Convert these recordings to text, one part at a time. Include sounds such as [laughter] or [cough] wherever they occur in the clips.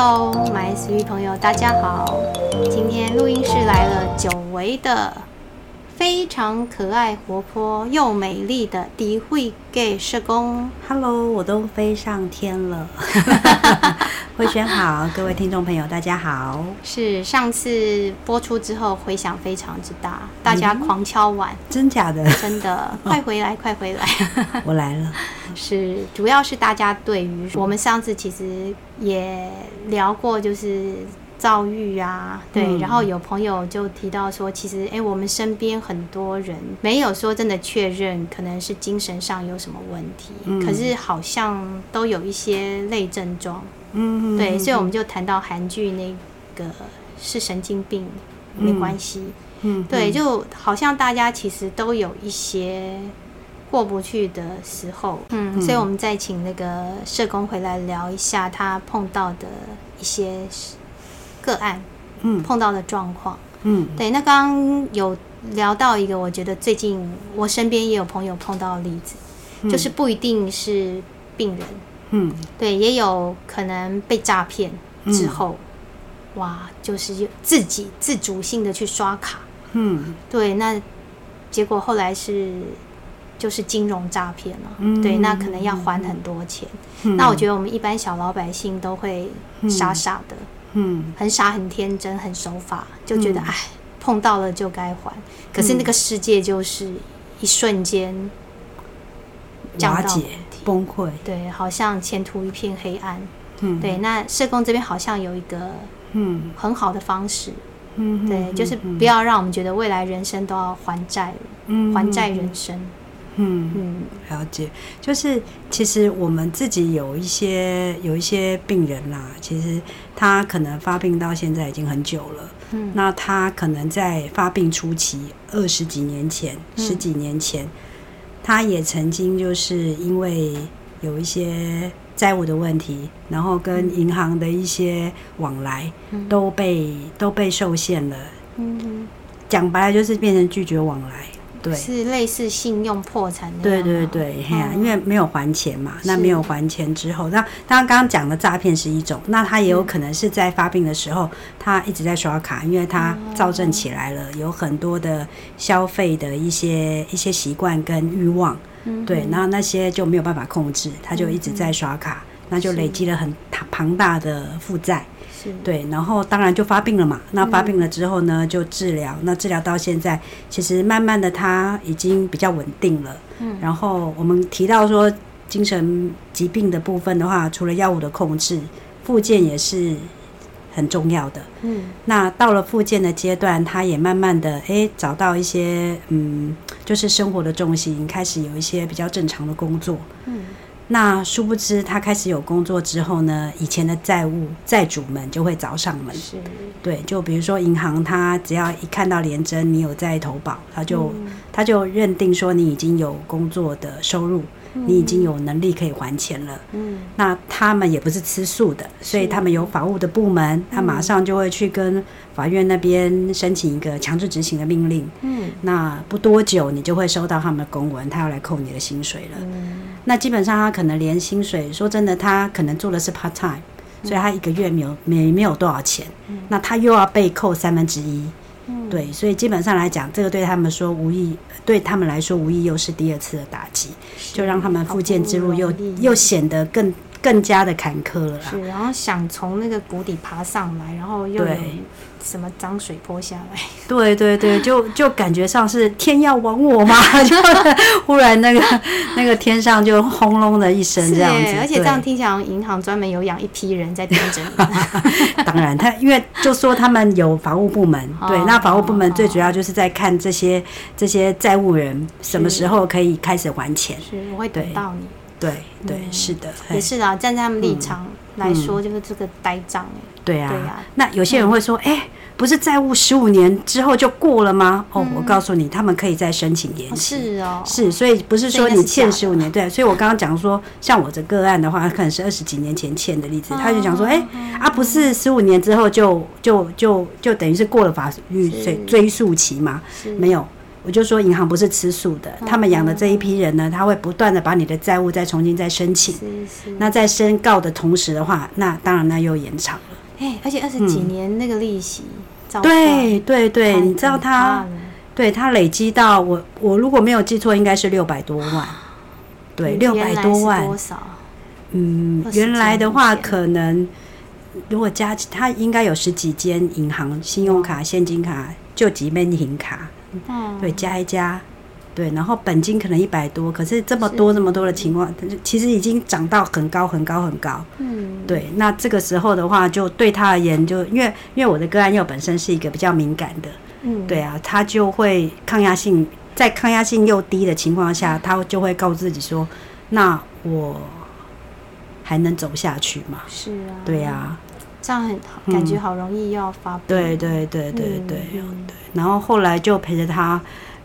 Hello, my sweet 朋友，大家好！今天錄音室來了久違的、非常可愛、活潑又美麗的迪慧 Gay 社工。Hello，我都飛上天了。 [laughs] [laughs] 回旋好，各位聽眾朋友，大家好。是上次播出之後回響非常之大，大家狂敲碗，嗯、真假的？ [laughs] 真的、哦，快回來，快回來！我來了。是，主要是大家對於我們上次其實也聊過，就是躁鬱啊，對、嗯。然後有朋友就提到說，其實哎、欸，我們身邊很多人沒有說真的確認，可能是精神上有什麼問題，嗯、可是好像都有一些類症狀。嗯，嗯，對，所以我們就談到韓劇那個是神經病，嗯，沒關係，嗯，嗯，對，就好像大家其實都有一些過不去的時候嗯，嗯，所以我們再請那個社工回來聊一下他碰到的一些個案，嗯，碰到的狀況，嗯，嗯，對，那剛剛有聊到一個，我覺得最近我身邊也有朋友碰到的例子，嗯，就是不一定是病人。嗯，對，也有可能被詐騙之後，嗯，哇，就是自己自主性的去刷卡，嗯，對，那結果後來是就是金融詐騙了，嗯，對，那可能要還很多錢，嗯。那我覺得我們一般小老百姓都會傻傻的，嗯，嗯，很傻很天真很守法，就覺得哎，嗯，碰到了就該還。可是那個世界就是一瞬間瓦解。崩潰，對，好像前途一片黑暗。嗯，對，那社工這邊好像有一個嗯很好的方式，嗯，對，嗯，就是不要讓我們覺得未來人生都要還債，嗯，還債人生。嗯嗯，嗯，了解。就是其實我們自己有一些有一些病人啦，其實他可能發病到現在已經很久了，嗯，那他可能在發病初期二十幾年前，嗯，十幾年前。他也曾經就是因為有一些債務的問題，然後跟銀行的一些往來，都被都被受限了，講白了就是變成拒絕往來。對，是類似信用破產的對對對。啊，因為沒有還錢嘛，那沒有還錢之後，那剛剛剛講的詐騙是一種，那他也有可能是在發病的時候，嗯、他一直在刷卡，因為他躁症起來了。嗯，有很多的消費的一些一些習慣跟慾望。嗯，對，然後那些就沒有辦法控制，他就一直在刷卡，嗯，那就累積了很龐大的負債。對，然後當然就發病了嘛。那發病了之後呢，嗯、就治療。那治療到現在，其實慢慢的他已經比較穩定了。嗯。然後我們提到說，精神疾病的部分的話，除了藥物的控制，復健也是很重要的。嗯。那到了復健的階段，他也慢慢的誒、欸、找到一些嗯，就是生活的重心，開始有一些比較正常的工作。嗯。那殊不知，他開始有工作之後呢，以前的債務債主們就會找上門。是，對，就比如說銀行，他只要一看到聯徵，你有在投保，他就、嗯、他就認定說你已經有工作的收入。你已經有能力可以還錢了，嗯、那他們也不是吃素的，所以他們有法務的部門，嗯、他馬上就會去跟法院那邊申請一個強制執行的命令，嗯，那不多久你就會收到他們的公文，他要來扣你的薪水了，嗯、那基本上他可能連薪水，說真的，他可能做的是 part time，嗯、所以他一個月沒有沒沒有多少錢、嗯，那他又要被扣三分之一。嗯、對，所以基本上來講，這個對他們說無益，對他們來說無益。又是第二次的打擊，就讓他們復健之路又、啊、又顯得更更加的坎坷了啦。是，然後想從那個谷底爬上來，然後又有什麼髒水潑下來？對對對，就就感覺上是天要亡我嘛！ [laughs] 就忽然那個那個天上就轟隆的一聲，這樣子。而且這樣聽起來，銀行專門有養一批人在盯着你。 [laughs] 當然，他因為就說他們有法務部門，哦、對，那法務部門最主要就是在看這些、哦、這些債務人什麼時候可以開始還錢，是，是我會等到你。對對、對、嗯，是的，也是啊。站在他們立場來說，就是這個呆賬、欸嗯嗯、對啊，對啊。那有些人會說，哎、嗯。欸不是債務十五年之後就過了嗎？嗯、哦，我告訴你，他們可以再申請延期、哦。是哦，是，所以不是說你欠十五年，對，所以我剛剛講說， [laughs] 像我這個案的話，可能是二十幾年前欠的例子，哦、他就講說，哎、欸哦、啊，不是十五年之後就就就就，就等於是過了法律追追溯期嗎？沒有，我就說銀行不是吃素的，哦、他們養的這一批人呢，他會不斷的把你的債務再重新再申請，是是那在申告的同時的話，那當然那又延長了。哎、欸，而且二十幾年那個利息。嗯對對對，你知道他，對他累積到我我如果沒有記錯，應該是六百多萬，對，六百多萬，嗯，多少？嗯，原來的話可能，如果加他應該有十幾間銀行、信用卡、嗯、現金卡、救濟門銀卡、嗯，對，加一加。對，然後本金可能一百多，可是這麼多這麼多的情況、嗯，其實已經漲到很高很高很高。嗯，對，那這個時候的話，就對他而言，就因為因為我的個案又本身是一個比較敏感的，嗯，對啊，他就會抗壓性在抗壓性又低的情況下、嗯，他就會告自己說，那我還能走下去嗎？是啊，對啊，這樣很感覺好容易要發病、嗯，對對對對對對，嗯、對然後後來就陪着他。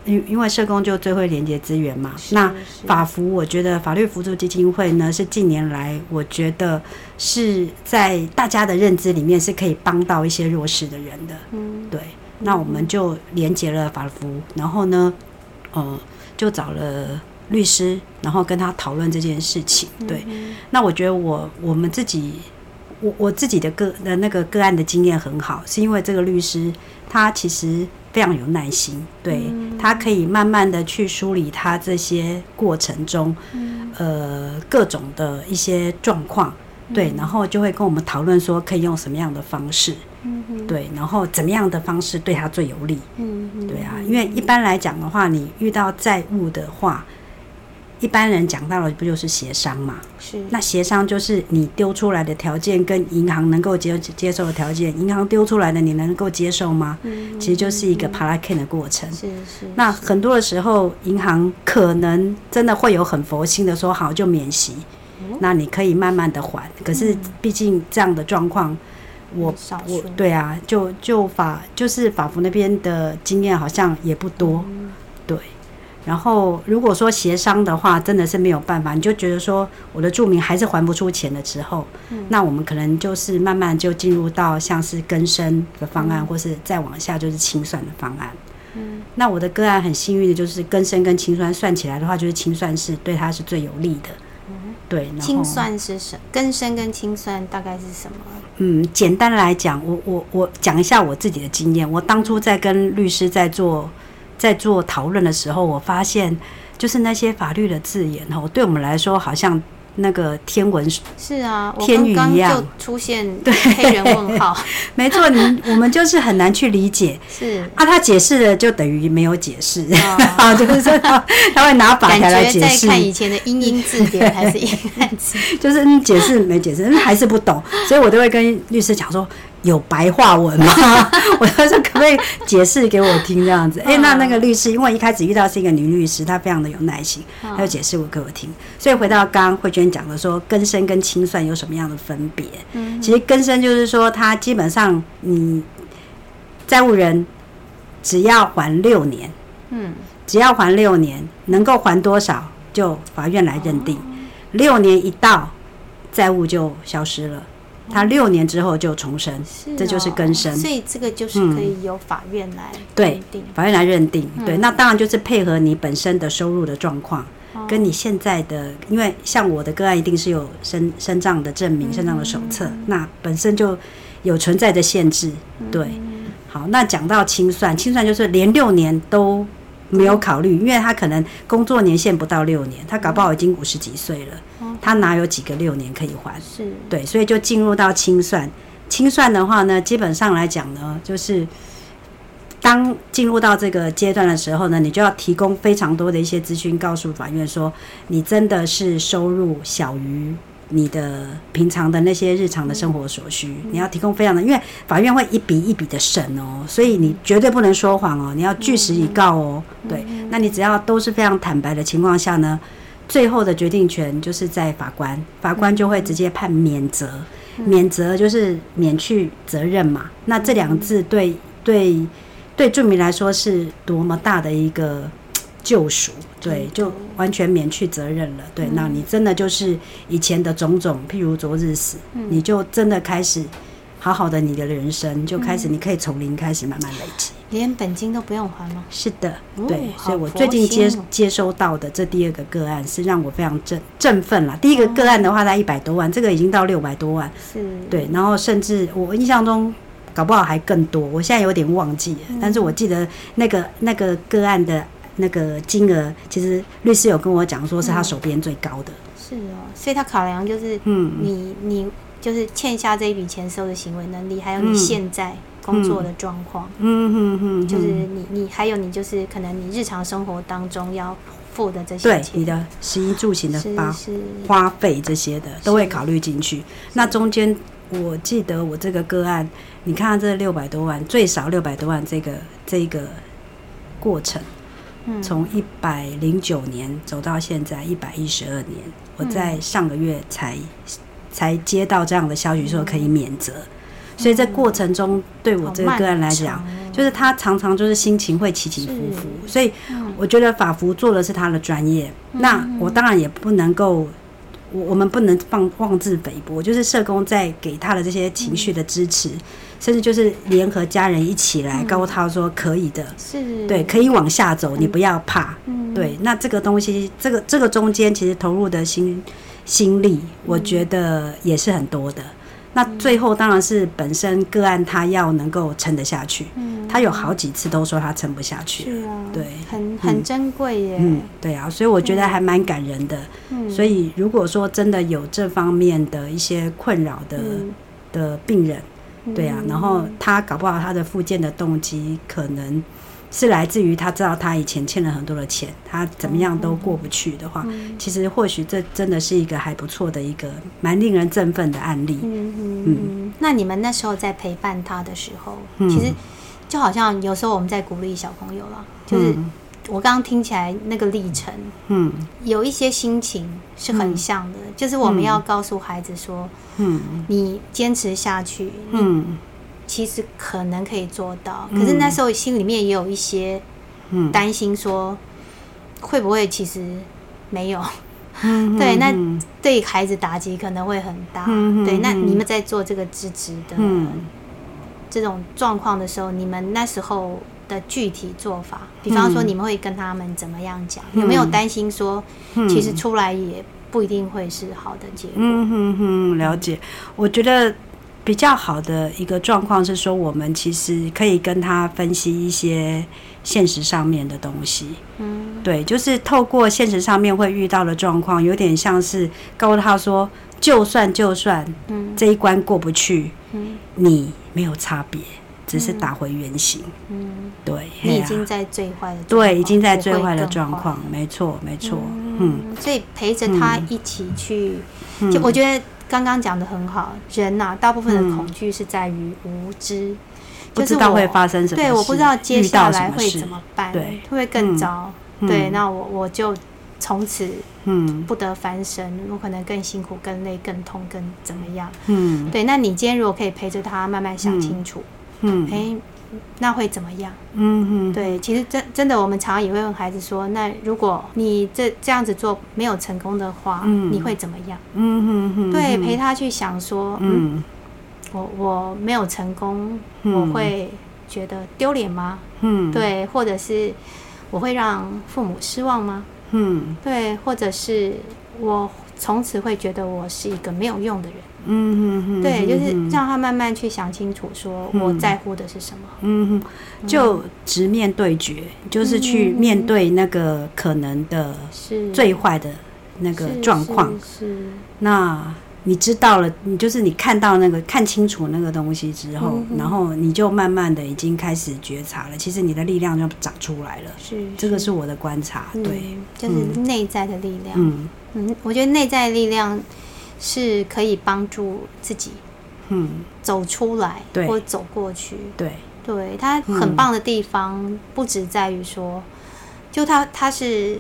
因因為社工就最會連接資源嘛。是是是，那法服，我覺得法律扶助基金會呢，是近年來我覺得是在大家的認知裡面是可以幫到一些弱勢的人的。嗯，對。那我們就連接了法服，然後呢，呃，就找了律師，然後跟他討論這件事情。對。嗯嗯，那我覺得我我們自己，我我自己的個的那個個案的經驗很好，是因為這個律師他其實非常有耐心。對。嗯他可以慢慢的去梳理他這些過程中，嗯，呃，各種的一些狀況，嗯，對，然後就會跟我們討論說可以用什麼樣的方式，嗯，對，然後怎麼樣的方式對他最有利，嗯嗯，對啊，因為一般來講的話，你遇到債務的話。一般人講到了不就是協商嘛？是，那協商就是你丟出來的條件跟銀行能夠接接受的條件，銀行丟出來的你能夠接受嗎？嗯嗯嗯。其實就是一個巴拉坎的過程。是,是是。那很多的時候，銀行可能真的會有很佛心的說，好就免息，嗯，那你可以慢慢的還。可是畢竟這樣的狀況、嗯，我我對啊，就就法就是法扶那邊的經驗好像也不多，嗯、對。然後，如果說協商的話，真的是沒有辦法，你就覺得說我的住民還是還不出錢的時候，嗯、那我們可能就是慢慢就進入到像是更生的方案，嗯、或是再往下就是清算的方案。嗯。那我的個案很幸運的就是更生跟清算算起來的話，就是清算是對他是最有利的。嗯、對。清算是什麼？更生跟清算大概是什麼？嗯，簡單來講，我我我講一下我自己的經驗。我當初在跟律師在做。在做討論的時候，我發現就是那些法律的字眼，哦，對我們來說好像那個天文是啊，天語一樣，就出現對黑人問號，沒錯，你 [laughs] 我們就是很難去理解，是啊，他解釋了就等於沒有解釋，啊、哦，就是說他，他會拿法條來解釋，感覺在看以前的英英字典還是英漢字典， [laughs] 就是、嗯、解釋沒解釋、嗯，還是不懂，所以我都會跟律師講說。有白話文嗎？ [laughs] 我說可不可以解釋給我聽這樣子？哎、欸，那那個律師，因為一開始遇到是一個女律師，她非常的有耐心，她就解釋我給我聽。Oh. 所以回到剛剛慧娟講的說，更生跟清算有什麼樣的分別？嗯，其實更生就是說，他基本上你債、嗯、務人只要還六年，嗯，只要還六年，能夠還多少就法院來認定，oh. 六年一到債務就消失了。他六年之後就重生，哦、這就是更生。所以這個就是可以由法院來認定，嗯、對法院來認定、嗯。對，那當然就是配合你本身的收入的狀況，嗯、跟你現在的，因為像我的個案一定是有身身障的證明、嗯、身障的手冊，那本身就有存在的限制。對，嗯、好，那講到清算，清算就是連六年都沒有考慮，因為他可能工作年限不到六年，他搞不好已經五十幾歲了，他哪有幾個六年可以還？是對，所以就進入到清算。清算的話呢，基本上來講呢，就是當進入到這個階段的時候呢，你就要提供非常多的一些資訊，告訴法院說你真的是收入小於。你的平常的那些日常的生活所需，你要提供非常的，因為法院會一筆一筆的審喔，所以你絕對不能說謊喔，你要據實以告喔。對，那你只要都是非常坦白的情況下呢，最後的決定權就是在法官，法官就會直接判免責，免責就是免去責任嘛。那這兩個字對對對住民來說是多麼大的一個。救贖，對，就完全免去責任了，對、嗯，那你真的就是以前的種種，譬如昨日死，嗯、你就真的開始好好的，你的人生就開始，你可以從零開始慢慢累積、嗯，連本金都不用還嗎？是的，對，哦、所以我最近接、哦、接收到的這第二個個案是讓我非常振振奮了。第一個個案的話在一百多萬、哦，這個已經到六百多萬，是，對，然後甚至我印象中搞不好還更多，我現在有點忘記了，嗯、但是我記得那個那個個案的。那個金額其實律師有跟我講，說是他手邊最高的，嗯。是哦，所以他考量就是你，嗯，你你就是欠下這筆錢收的行為能力，還有你現在工作的狀況，嗯嗯嗯，嗯，嗯，嗯，就是你你還有你就是可能你日常生活當中要付的這些，對，你的食衣住行的花花費這些的都會考慮進去。那中間我記得我這個個案，你看這六百多萬，最少六百多萬這個這個過程。從一百零九年走到現在一百一十二年，我在上個月才、嗯、才接到這樣的消息說可以免責、嗯，所以在過程中對我這個個人來講、欸，就是他常常就是心情會起起伏伏，所以我覺得法扶做的是他的專業、嗯，那我當然也不能夠，我我們不能放妄自菲薄，就是社工在給他的這些情緒的支持。嗯甚至就是聯合家人一起來、嗯、告訴他，說可以的，是對，可以往下走，嗯、你不要怕、嗯。對，那這個東西，這個這個中間其實投入的心心力，我覺得也是很多的、嗯。那最後當然是本身個案他要能夠撐得下去。嗯，他有好幾次都說他撐不下去了、是啊。對，很很珍貴耶。嗯，對啊，所以我覺得還蠻感人的、嗯。所以如果說真的有這方面的一些困擾的、嗯、的病人。對啊，然後他搞不好他的復健的動機，可能是來自於他知道他以前欠了很多的錢，他怎麼樣都過不去的話，嗯嗯、其實或許這真的是一個還不錯的一個蠻令人振奮的案例嗯嗯。嗯，那你們那時候在陪伴他的時候，其實就好像有時候我們在鼓勵小朋友啦，就是、嗯。我剛剛聽起來那個歷程，嗯，有一些心情是很像的，嗯、就是我們要告訴孩子說，嗯，你堅持下去，嗯，其實可能可以做到、嗯。可是那時候心裡面也有一些擔心說，說、嗯、會不會其實沒有？嗯嗯、 [laughs] 對，那對孩子打擊可能會很大、嗯嗯。對，那你們在做這個支持的這種狀況的時候、嗯，你們那時候。的具體做法，比方說你們會跟他們怎麼樣講？嗯、有沒有擔心說，其實出來也不一定會是好的結果？嗯，嗯，嗯，了解我覺得比較好的一個狀況是說，我們其實可以跟他分析一些現實上面的東西。嗯，對，就是透過現實上面會遇到的狀況，有點像是告訴他說，說就算就算這一關過不去，嗯、你沒有差別。只是打回原形、嗯，嗯，對，你已經在最壞的，對，已經在最壞的狀況，沒錯，沒錯、嗯，嗯。所以陪着他一起去，嗯、就我覺得剛剛講的很好，人吶、啊，大部分的恐懼是在於無知、嗯就是，不知道會發生什麼事，對，我不知道接下來會怎麼辦，麼對，會不會更糟、嗯，對，那我我就從此嗯不得翻身、嗯，我可能更辛苦、更累、更痛、更怎麼樣，嗯，對。那你今天如果可以陪着他慢慢想清楚。嗯嗯，哎，那會怎麼樣？嗯，對，其實真真的，我們常常也會問孩子說，那如果你這這樣子做沒有成功的話，嗯、你會怎麼樣？嗯嗯，對，陪他去想說，嗯，嗯我我沒有成功，嗯、我會覺得丟臉嗎？嗯，對，或者是我會讓父母失望嗎？嗯，對，或者是我從此會覺得我是一個沒有用的人。嗯嗯嗯，對，就是讓他慢慢去想清楚，說我在乎的是什麼。嗯哼、嗯，嗯嗯嗯、就直面對決，就是去面對那個可能的最壞的那個狀況。是，那你知道了，你就是你看到那個看清楚那個東西之後，然後你就慢慢的已經開始覺察了，其實你的力量就長出來了。是，這個是我的觀察。對、嗯，就是內在的力量。嗯嗯，我覺得內在力量。是可以幫助自己，嗯，走出來，對，或走過去，對，對，他很棒的地方，嗯、不只在於說，就他他是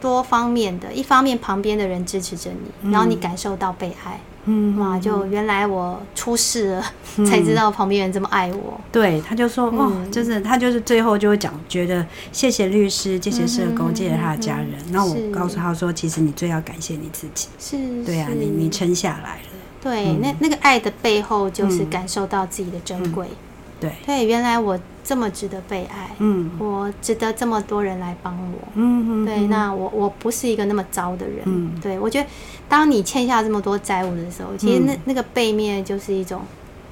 多方面的，一方面旁邊的人支持着你，然後你感受到被愛。嗯嗯嗯，嗯，哇！就原來我出事了，嗯、才知道旁邊人這麼愛我。對，他就說哦，就是他就是最後就會講，嗯，覺得謝謝律師，謝謝社工，謝、嗯、謝他的家人。那、嗯嗯、我告訴他說，其實你最要感謝你自己。是，是對啊，你你撐下來了。對，嗯、那那個愛的背後，就是感受到自己的珍貴、嗯嗯。對，對，原來我。這麼值得被愛，嗯，我值得這麼多人來幫我，嗯，嗯，對，那我我不是一個那麼糟的人，嗯，對我覺得，當你欠下這麼多債務的時候，其實那、嗯、那個背面就是一種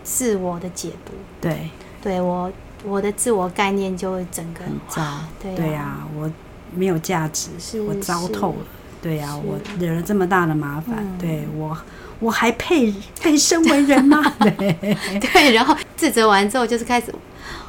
自我的解讀，對，對我我的自我概念就會整個很糟，很糟。對啊對啊，我沒有價值，是我糟透了，對啊，我惹了這麼大的麻煩、嗯，對我我還配配身為人嗎？ [laughs] [laughs] 對，然後自責完之後就是開始。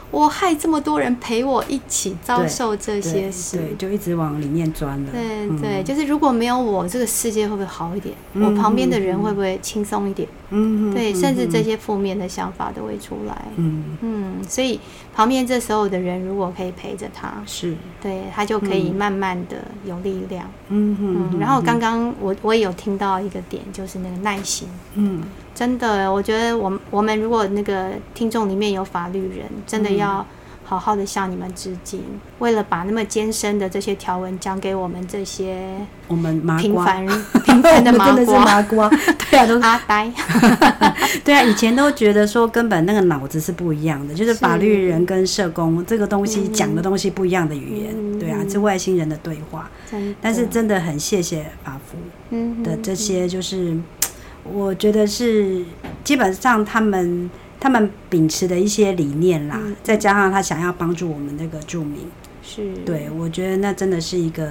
我害這麼多人陪我一起遭受這些事，對，對對，就一直往裡面鑽了。對對、嗯，就是如果沒有我，這個世界會不會好一點？嗯、我旁邊的人會不會輕鬆一點？嗯嗯，對，甚至這些負面的想法都會出來。嗯嗯，所以旁邊這時候的人如果可以陪着他，是對他就可以慢慢的有力量。嗯哼，嗯，然後剛剛我剛剛我，我也有聽到一個點，就是那個耐心。嗯，真的，我覺得我們我們如果那個聽眾裡面有法律人，真的要。好好的向你們致敬，為了把那麼艱深的這些條文講給我們這些我們平凡平凡的麻瓜， [laughs] 麻瓜 [laughs] 對啊，都是阿、啊、呆， [laughs] 對啊，以前都覺得說根本那個腦子是不一樣的，就是法律人跟社工這個東西講的東西不一樣的語言，嗯，對啊，是外星人的對話的。但是真的很謝謝法扶的這些，就是、嗯嗯、我覺得是基本上他們。他們秉持的一些理念啦，嗯、再加上他想要幫助我們那個住民，是，對我覺得那真的是一個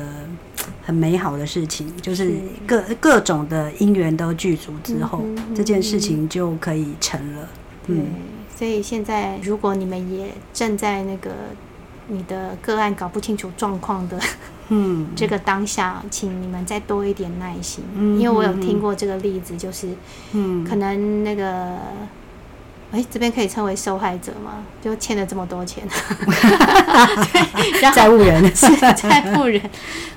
很美好的事情。就是各是各種的因緣都具足之後、嗯嗯，這件事情就可以成了對。嗯，所以現在如果你們也正在那個你的個案搞不清楚狀況的，嗯，這個當下、嗯，請你們再多一點耐心。嗯，因為我有聽過這個例子，就是嗯，可能那個。哎、欸，這邊可以稱為受害者嗎？就欠了這麼多錢，債 [laughs] 務人，是，債務人，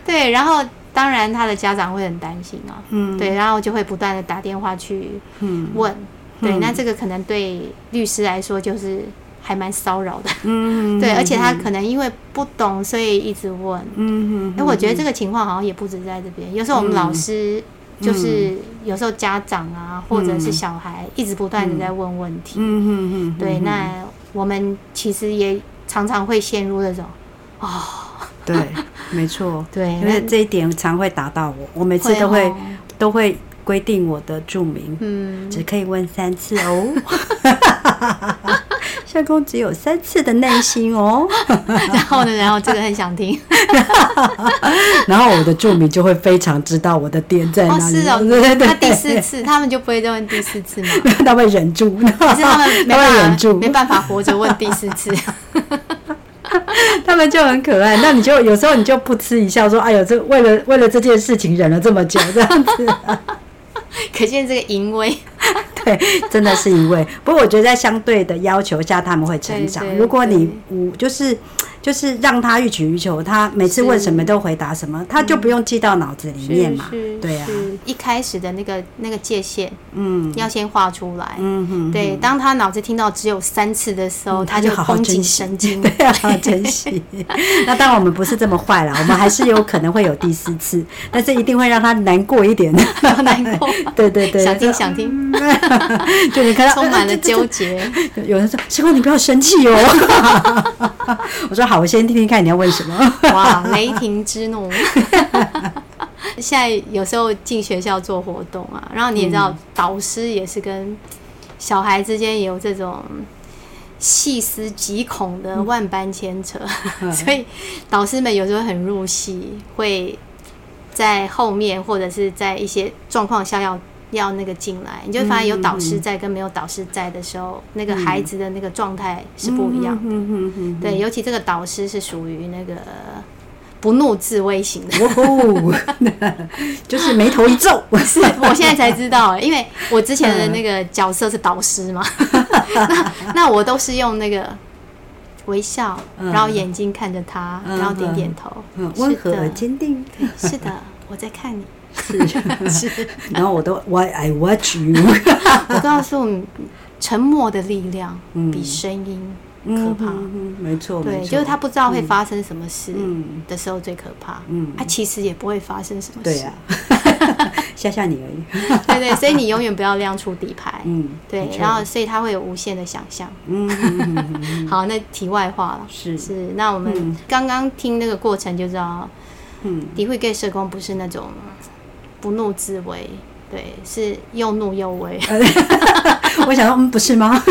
對，然後當然他的家長會很擔心啊，嗯，對，然後就會不斷地打電話去問、嗯嗯，對，那這個可能對律師來說就是還蠻騷擾的，嗯，嗯對嗯，而且他可能因為不懂，所以一直問，嗯哼，嗯嗯，我覺得這個情況好像也不止在這邊，有時候我們老師。嗯就是有時候家長啊、嗯，或者是小孩，一直不斷的，在問問題。嗯嗯嗯。對，那我們其實也常常會陷入這種，哦，對，沒錯，對，因為這一點常會打到我，我每次都會，會、哦、都會規定我的著名，嗯，只可以問三次哦， [laughs] [laughs] 社工只有三次的耐心哦， [laughs] 然後呢，然後這個很想聽。 [laughs] [laughs] 然後我的住民就會非常知道我的點在哪裡。哦，是哦，對對對，他第四次他們就不會再問第四次嘛。 [laughs] 他們忍住，他們沒辦法，沒辦法活着問第四次。 [laughs] [laughs] 他們就很可愛。那你就有時候你就噗嗤一笑說：“哎呦，這為了為了這件事情忍了這麼久，這樣子，啊。”可見這個淫威。對，真的是淫威。不過我覺得在相對的要求下，他們會成長。對對對，如果你無就是。就是讓他欲取欲求，他每次問什麼都回答什麼，他就不用記到腦子裡面嘛。對啊，一開始的那個那個界限，嗯，要先畫出來。嗯哼，哼，對，當他腦子聽到只有三次的時候，嗯、他，就他就好好珍惜。對，對好好珍惜。 [laughs] 那當然我們不是這麼壞了，我們還是有可能會有第四次，但是一定會讓他難過一點。難過。對對對，想聽想聽。嗯、 [laughs] 就你看他充滿了糾結。 [laughs] 有人說：“師傅你不要生氣哦。 [laughs] ”我說。好，我先聽聽看你要問什麼。哇，雷霆之怒！ [laughs] 現在有時候進學校做活動啊，然後你也知道，嗯、導師也是跟小孩之間有這種細思極恐的萬般牽扯、嗯，所以導師們有時候很入戲，會在後面或者是在一些狀況下要。要那個進來，你就發現有導師在跟沒有導師在的時候，嗯、那個孩子的那個狀態是不一樣的、嗯嗯嗯嗯嗯。對，尤其這個導師是屬於那個不怒自威型的，哦、 [laughs] 就是眉頭一皺。 [laughs] 我現在才知道，因為我之前的那個角色是導師嘛，嗯、 [laughs] 那那我都是用那個微笑，嗯、然後眼睛看着他，然後點點頭，溫、嗯嗯、和堅定。是的，對，是的，我在看你。是， [laughs] 是然後我都 Why I Watch You [laughs] 。我告訴你，沉默的力量比聲音可怕。嗯嗯嗯嗯、沒錯，對、沒錯，就是他不知道會發生什麼事的時候最可怕。嗯，他、嗯啊其，嗯嗯啊、其實也不會發生什麼事。對啊，嚇 [laughs] 嚇你而已。 [laughs] 對，對對，所以你永遠不要亮出底牌。嗯，對。然後，所以他會有無限的想象。嗯，嗯 [laughs] 好，那題外話了。是是、嗯、是，那我們剛剛聽那個過程就知道，嗯，迪慧給社工不是那種。不怒自威，對，是又怒又威。 [laughs] [laughs] 我想說，嗯，不是嗎？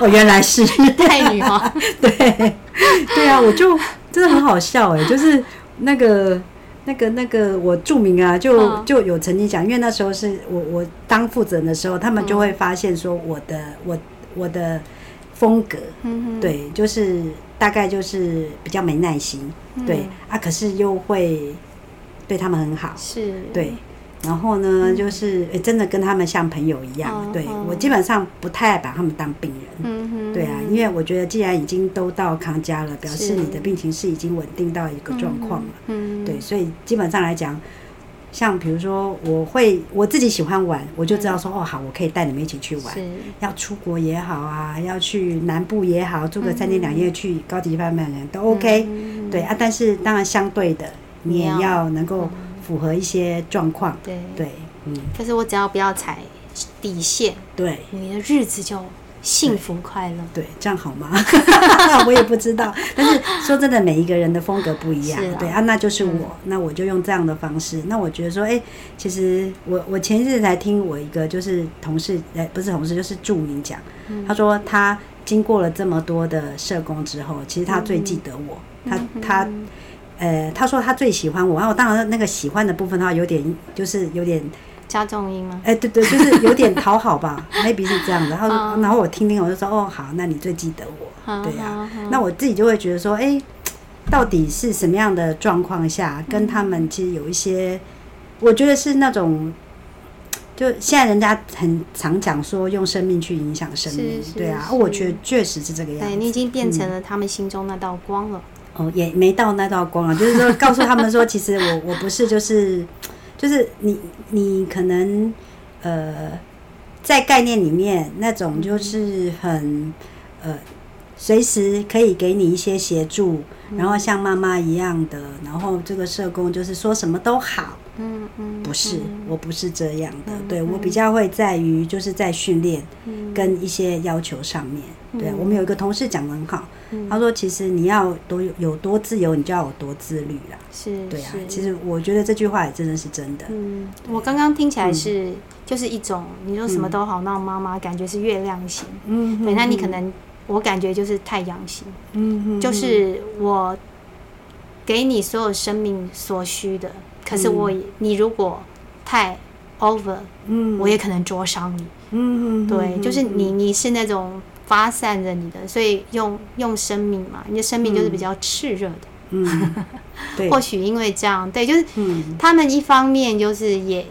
哦， [laughs] 原來是太女嗎？ [laughs] 對，對啊，我就真的很好笑哎、欸，就是那個、那個、那個，我著名啊，就就有曾經講，因為那時候是我我當負責人的時候，他們就會發現說我的我我的風格，對，就是大概就是比較沒耐心，對啊，可是又會。對他們很好，是對，然後呢，嗯、就是、欸、真的跟他們像朋友一樣。哦、對、哦、我基本上不太把他們當病人。嗯哼。對啊，因為我覺得既然已經都到康家了，表示你的病情是已經穩定到一個狀況了。嗯哼、嗯哼。對，所以基本上來講，像比如說，我會我自己喜歡玩，我就知道說、嗯、哦，好，我可以帶你們一起去玩、嗯。要出國也好啊，要去南部也好，住個三天兩夜，去高級飯店、嗯、都 OK、嗯。對啊，但是當然相對的。你要能夠符合一些狀況、嗯，對對，嗯。但是我只要不要踩底線，對，你的日子就幸福快樂、嗯。對，這樣好嗎？ [laughs] [laughs] 我也不知道。 [laughs] 但是說真的，每一個人的風格不一樣，對啊，那就是我、嗯，那我就用這樣的方式。那我覺得說，哎、欸，其實我我前陣子才聽我一個就是同事，哎，不是同事，就是助理講，他說他經過了這麼多的社工之後，其實他最記得我，他、嗯、他。嗯他呃，他說他最喜歡我，然後我當然那個喜歡的部分的話，有點就是有點加重音嗎？哎、欸，對對，就是有點討好吧 [laughs] ，maybe [laughs] 是這樣子。然後、嗯、然後我聽聽，我就說哦好，那你最記得我，嗯、對呀、啊嗯嗯。那我自己就會覺得說，哎、欸，到底是什麼樣的狀況下跟他們其實有一些，我覺得是那種，就現在人家很常講說用生命去影響生命，是是是對啊，我我覺得確實是這個樣子對。你已經變成了他們心中那道光了。嗯哦，也沒到那道光啊，就是說告訴他們說， [laughs] 其實我我不是，就是，就是就是你你可能呃，在概念裡面那種就是很呃，隨時可以給你一些協助，然後像媽媽一樣的，然後這個社工就是說什麼都好。嗯嗯，不是，我不是這樣的。嗯嗯、對我比較會在於就是在訓練跟一些要求上面。嗯、對，我們有一個同事講得很好，嗯、他說：“其實你要有多自由，你就要有多自律啦。是”是，對啊。其實我覺得這句話也真的是真的。嗯、我剛剛聽起來是、嗯、就是一種你說什麼都好，嗯、那媽媽感覺是月亮型。嗯，那、嗯嗯、你可能我感覺就是太陽型嗯。嗯，就是我給你所有生命所需的。可是我也、嗯，你如果太 over，嗯，我也可能灼傷你，嗯，對，嗯、就是你、嗯、你是那種發散着你的，所以用用生命嘛，你的生命就是比較熾熱的，嗯，對，或許因為這樣、嗯對，對，就是他們一方面就是也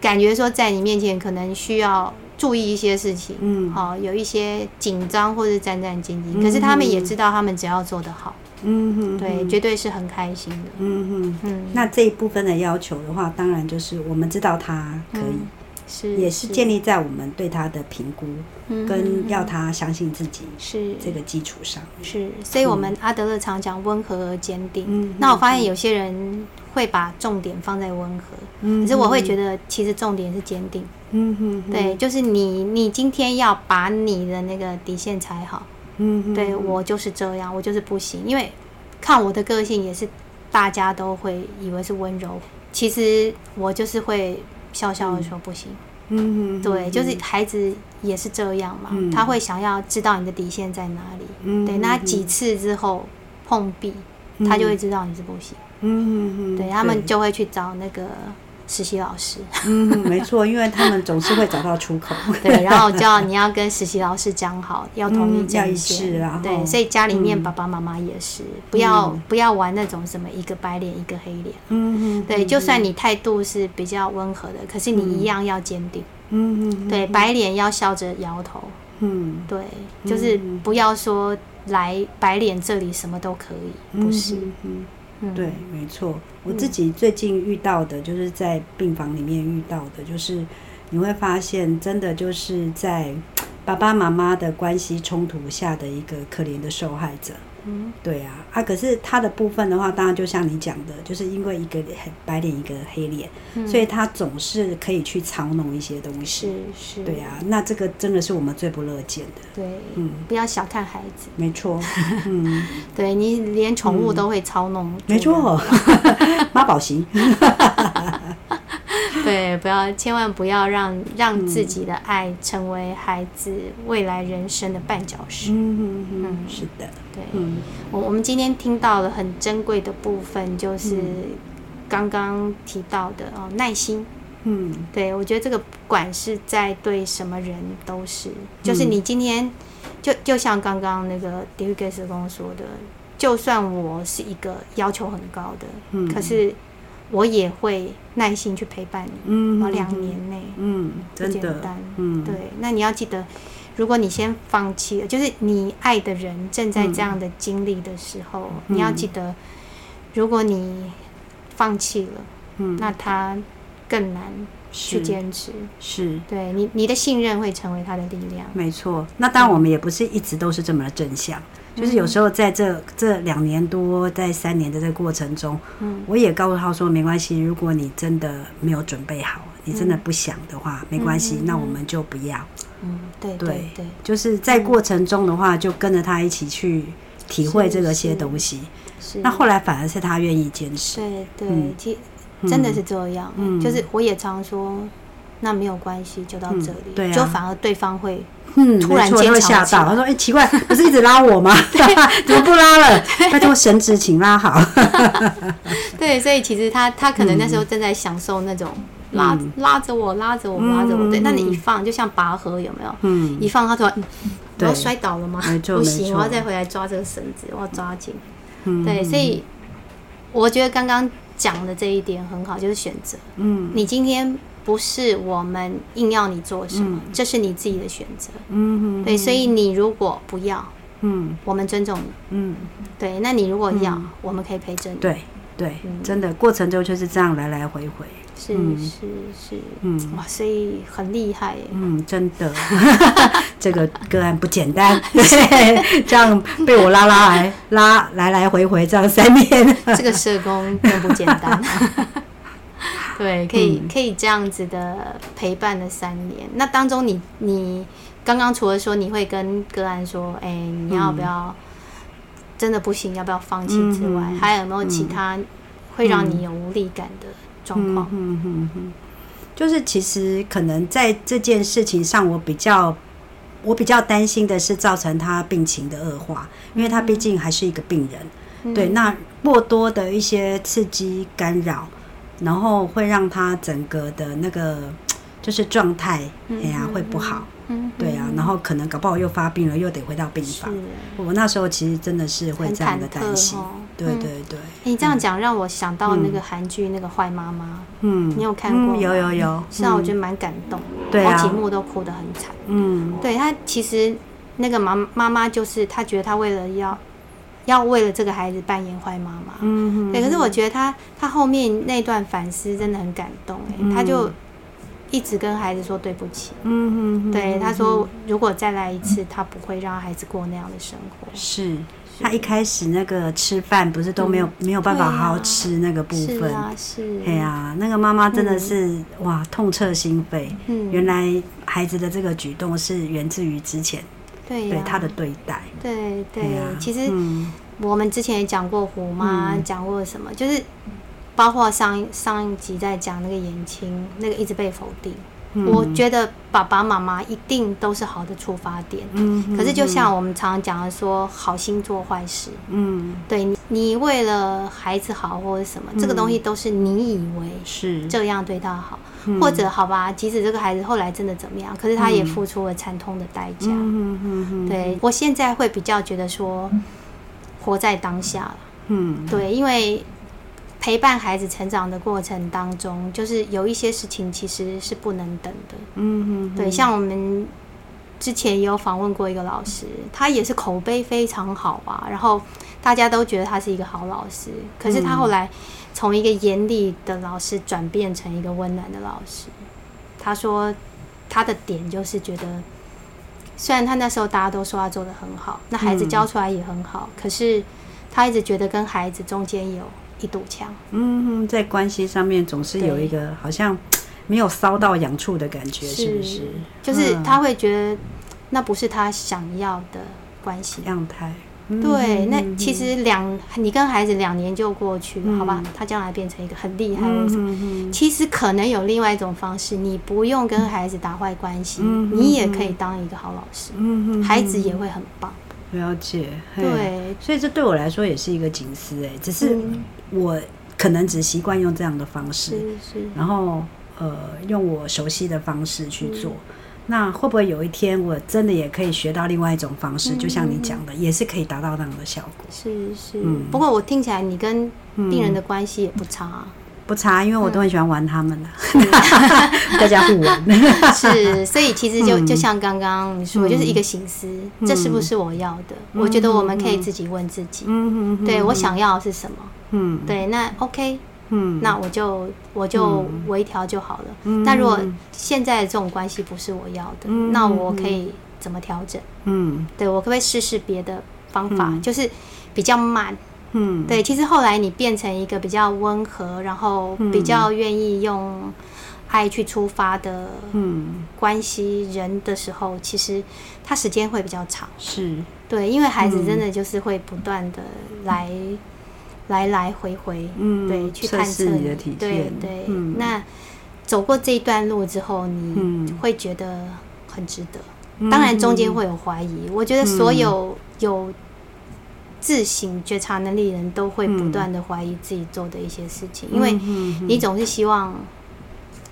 感覺說在你面前可能需要注意一些事情，嗯，好、呃，有一些緊張或者戰戰兢兢、嗯，可是他們也知道，他們只要做得好。嗯哼，哼，對，絕對是很開心的。嗯哼，嗯，那這一部分的要求的話，當然就是我們知道他可以，嗯、是也是建立在我們對他的評估跟要他相信自己是這個基礎上是。是，所以，我們阿德勒常講溫和而堅定、嗯。那我發現有些人會把重點放在溫和、嗯，可是我會覺得其實重點是堅定。嗯哼，哼，對，就是你，你今天要把你的那個底線踩好。嗯， [noise] 對我就是這樣，我就是不行，因為看我的個性也是，大家都會以為是溫柔，其實我就是會笑笑的說不行。嗯 [noise] 對，就是孩子也是這樣嘛， [noise] 他會想要知道你的底線在哪裡。嗯， [noise] 對，那他幾次之後碰壁，他就會知道你是不行。嗯 [noise] [noise] 對他們就會去找那個。實習老師，嗯，沒錯，因為他們總是會找到出口。 [laughs] 對，然後叫你要跟實習老師講好，要同一陣線。是啊，對，所以家裡面爸爸媽媽也是，嗯、不要、嗯、不要玩那種什麼一個白臉一個黑臉。嗯嗯。對，嗯、就算你態度是比較溫和的、嗯，可是你一樣要堅定。嗯嗯。對，嗯，對，嗯、白臉要笑着搖頭。嗯。對，嗯，就是不要說來白臉這裡什麼都可以，不是。嗯嗯嗯 [noise] 對，沒錯，我自己最近遇到的、嗯，就是在病房裡面遇到的，就是你會發現，真的就是在爸爸媽媽的關係衝突下的一個可憐的受害者。嗯、對啊，啊，可是他的部分的話，當然就像你講的，就是因為一個白臉，一個黑臉，嗯、所以他總是可以去操弄一些東西。是是，對啊，那這個真的是我們最不樂見的。對，嗯，不要小看孩子。沒錯，嗯， [laughs] 對，你連寵物都會操弄，嗯、沒錯、哦， [laughs] [laughs] 媽寶型行。 [laughs] [laughs] 對，不要，千萬不要讓讓自己的愛成為孩子未來人生的絆腳石。嗯，嗯，嗯是的，對。嗯、我我們今天聽到了很珍貴的部分，就是剛剛提到的、嗯、哦，耐心。嗯，對我覺得這個不管是在對什麼人都是，嗯、就是你今天就就像剛剛那個迪瑞克斯跟我說的，就算我是一個要求很高的，嗯、可是。我也會耐心去陪伴你，嗯，我兩年內，嗯，不簡單，真的，嗯，對。那你要記得，如果你先放棄了，就是你愛的人正在這樣的經歷的時候，嗯，你要記得，如果你放棄了，嗯，那他更難去堅持，是，是，對你，你的信任會成為他的力量，沒錯。那當然，我們也不是一直都是這麼的正向。就是有時候在這這兩年多、在三年的這個過程中，嗯、我也告訴他說沒關係，如果你真的沒有準備好，嗯、你真的不想的話，沒關係、嗯，那我們就不要。嗯，對對對，就是在過程中的話，嗯、就跟着他一起去體會這個些東西是是。是，那後來反而是他願意堅持。對對對，嗯、其實真的是這樣嗯。嗯，就是我也常說。那沒有關係，就到這裡、嗯，對啊，就反而對方會突然間、嗯、會嚇到。他說：“哎、欸，奇怪，不是一直拉我嗎？ [laughs] 對 [laughs] 怎麼不拉了？他說繩子，請拉好。”對，所以其實他他可能那時候正在享受那種拉、嗯、拉着我，拉着我，嗯、拉着我對。那、嗯、你一放，就像拔河，有沒有？嗯，一放，他說、嗯、我摔倒了嗎？不行，我要再回來抓這個繩子，我要抓緊、嗯。對，所以我覺得剛剛講的這一點很好，就是選擇。嗯，你今天。不是我們硬要你做什麼，嗯、這是你自己的選擇、嗯嗯。對，所以你如果不要、嗯，我們尊重你。嗯，對，那你如果要，嗯、我們可以陪着你。對對、嗯，真的，過程中就是這樣來來回回。是、嗯、是是，是，嗯，哇，所以很厲害。嗯，真的， [laughs] [laughs] 這個個案不簡單。 [laughs] 對這樣被我拉拉來拉來來回回這樣三年， [laughs] 這個社工更不簡單。 [laughs] 對，可以可以這樣子的陪伴了三年。嗯、那當中你，你你剛剛除了說你會跟個案說，哎、欸，你要不要真的不行，嗯、要不要放棄之外、嗯，還有沒有其他會讓你有無力感的狀況？嗯嗯嗯，嗯，嗯，嗯，嗯，就是其實可能在這件事情上我，我比較我比較擔心的是造成他病情的惡化、嗯，因為他畢竟還是一個病人、嗯。對，那過多的一些刺激干擾，然後會讓他整個的那個就是狀態，哎、嗯、呀，會不好、嗯，對啊，然後可能搞不好又發病了，嗯、又得回到病房。我那時候其實真的是會這樣的擔心，哦、對對對。你、嗯欸、這樣講讓我想到、嗯、那個韓劇那個壞媽媽，嗯，你有看過嗎、嗯？有有有，雖、嗯、然、啊、我覺得蠻感動，好幾幕都哭得很慘。嗯，對他其實那個媽媽媽就是他覺得他為了要。要為了這個孩子扮演壞媽媽，嗯哼，對。可是我覺得他他後面那段反思真的很感動、欸，哎、嗯，他就一直跟孩子說對不起，嗯哼哼，對，他說如果再來一次、嗯，他不會讓孩子過那樣的生活。是他一開始那個吃飯不是都沒有、嗯、沒有辦法好好吃那個部分，啊是，啊、是，哎呀、啊，那個媽媽真的是、嗯、哇痛徹心扉。嗯，原來孩子的這個舉動是源自於之前。對、啊、對他的對待，對對、啊對啊，其實我們之前也講過，虎、嗯、媽講過什麼，就是包括上上一集在講那個嚴青，那個一直被否定、嗯。我覺得爸爸媽媽一定都是好的出發點、嗯，可是就像我們常常講的說，好心做壞事，嗯，對你為了孩子好或者什麼，嗯、這個東西都是你以為是這樣對他好。或者好吧，即使這個孩子後來真的怎麼樣，可是他也付出了慘痛的代價。嗯哼哼哼，對我現在會比較覺得說，活在當下。嗯哼哼，對，因為陪伴孩子成長的過程當中，就是有一些事情其實是不能等的。嗯哼哼，對，像我們。之前也有訪問過一個老師，他也是口碑非常好啊，然後大家都覺得他是一個好老師。可是他後來從一個嚴厲的老師轉變成一個溫暖的老師。他說他的點就是覺得，雖然他那時候大家都說他做得很好，那孩子教出來也很好，嗯，可是他一直覺得跟孩子中間有一堵牆。嗯，在關係上面總是有一個好像，沒有搔到癢處的感覺，是不是？是，就是他會覺得那不是他想要的關係樣態，嗯。對，那其實兩你跟孩子兩年就過去了，嗯，好吧？他將來變成一個很厲害的，的、嗯、其實可能有另外一種方式，你不用跟孩子打壞關係，嗯、哼哼你也可以當一個好老師，嗯、哼哼孩子也會很棒。嗯、哼哼了解，對，所以這對我來說也是一個警示。哎，只是我可能只習慣用這樣的方式，嗯、然後。呃，用我熟悉的方式去做、嗯，那會不會有一天我真的也可以學到另外一種方式？嗯、就像你講的，也是可以達到那樣的效果。是是、嗯，不過我聽起來你跟病人的關係也不差、嗯，不差，因為我都很喜歡玩他們、啊嗯、 [laughs] 大家互玩。 [laughs] 是，所以其實就就像剛剛你說、嗯，就是一個形式、嗯。這是不是我要的、嗯？我覺得我們可以自己問自己，嗯嗯，嗯，對我想要的是什麼？嗯，對，那 OK。嗯，那我就我就微調就好了，嗯。那如果現在這種關係不是我要的，嗯，那我可以怎麼調整？嗯，對，我可不可以試試別的方法？嗯，就是比較慢。嗯，對，其實後來你變成一個比較溫和，然後比較願意用愛去出發的嗯關係人的時候，其實他時間會比較長。是，對，因為孩子真的就是會不斷的來。來來回回，嗯，對，去探測你的體驗，對,對,對、嗯、那走過這一段路之後，你會覺得很值得。嗯、當然，中間會有懷疑、嗯。我覺得所有有自省覺察能力的人都會不斷的懷疑自己做的一些事情，嗯、因為你總是希望。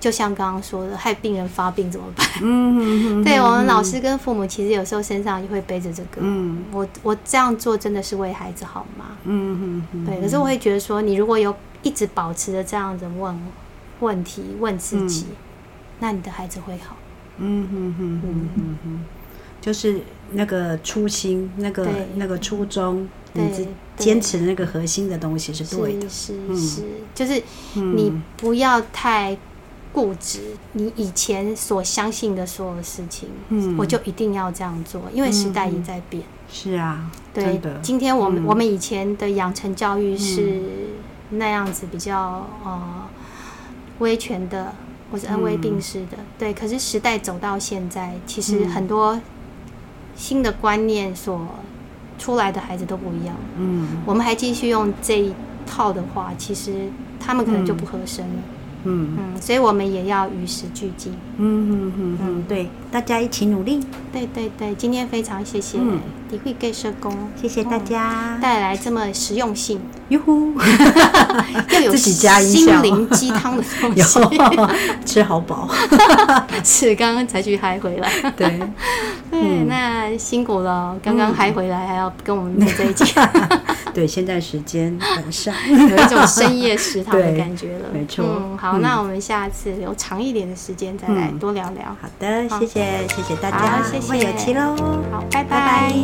就像剛剛說的，害病人發病怎麼辦？ [laughs] 嗯哼哼對，我們老師跟父母，其實有時候身上也會背着這個。嗯。我我這樣做真的是為孩子好嗎？嗯嗯對，可是我會覺得說，你如果有一直保持着這樣子問問題、問自己、嗯，那你的孩子會好。嗯哼哼嗯嗯嗯嗯嗯。就是那個初心，那個那個初衷，你堅持那個核心的東西是對的。對對是是，是、嗯。就是你不要太。固執，你以前所相信的所有事情，嗯，我就一定要這樣做，因為時代也在變，嗯。是啊，對。今天，我們，嗯，我們以前的養成教育是那樣子，比較呃，威權的，或是恩威並施的，嗯，對。可是時代走到現在，其實很多新的觀念所出來的孩子都不一樣。嗯，我們還繼續用這一套的話，其實他們可能就不合身了。嗯嗯嗯，所以我們也要與時俱進。嗯嗯嗯嗯，對，大家一起努力。對對對，今天非常謝謝豬血糕社工，謝謝大家帶來這麼實用性，喲、嗯、呵，自己家嗯、呼 [laughs] 又有心靈雞湯的東西，吃好飽。 [laughs] 是剛剛才去嗨回來。對對、嗯，那辛苦了，剛剛嗨回來、嗯、還要跟我們在一起。 [laughs] 對，現在時間很晚， [laughs] 有一種深夜食堂的感覺了。 [laughs] 沒錯，嗯。嗯，好，那我們下次留長一點的時間再來多聊聊。嗯，好的，好謝謝，謝謝大家，謝謝我們有期好，拜拜。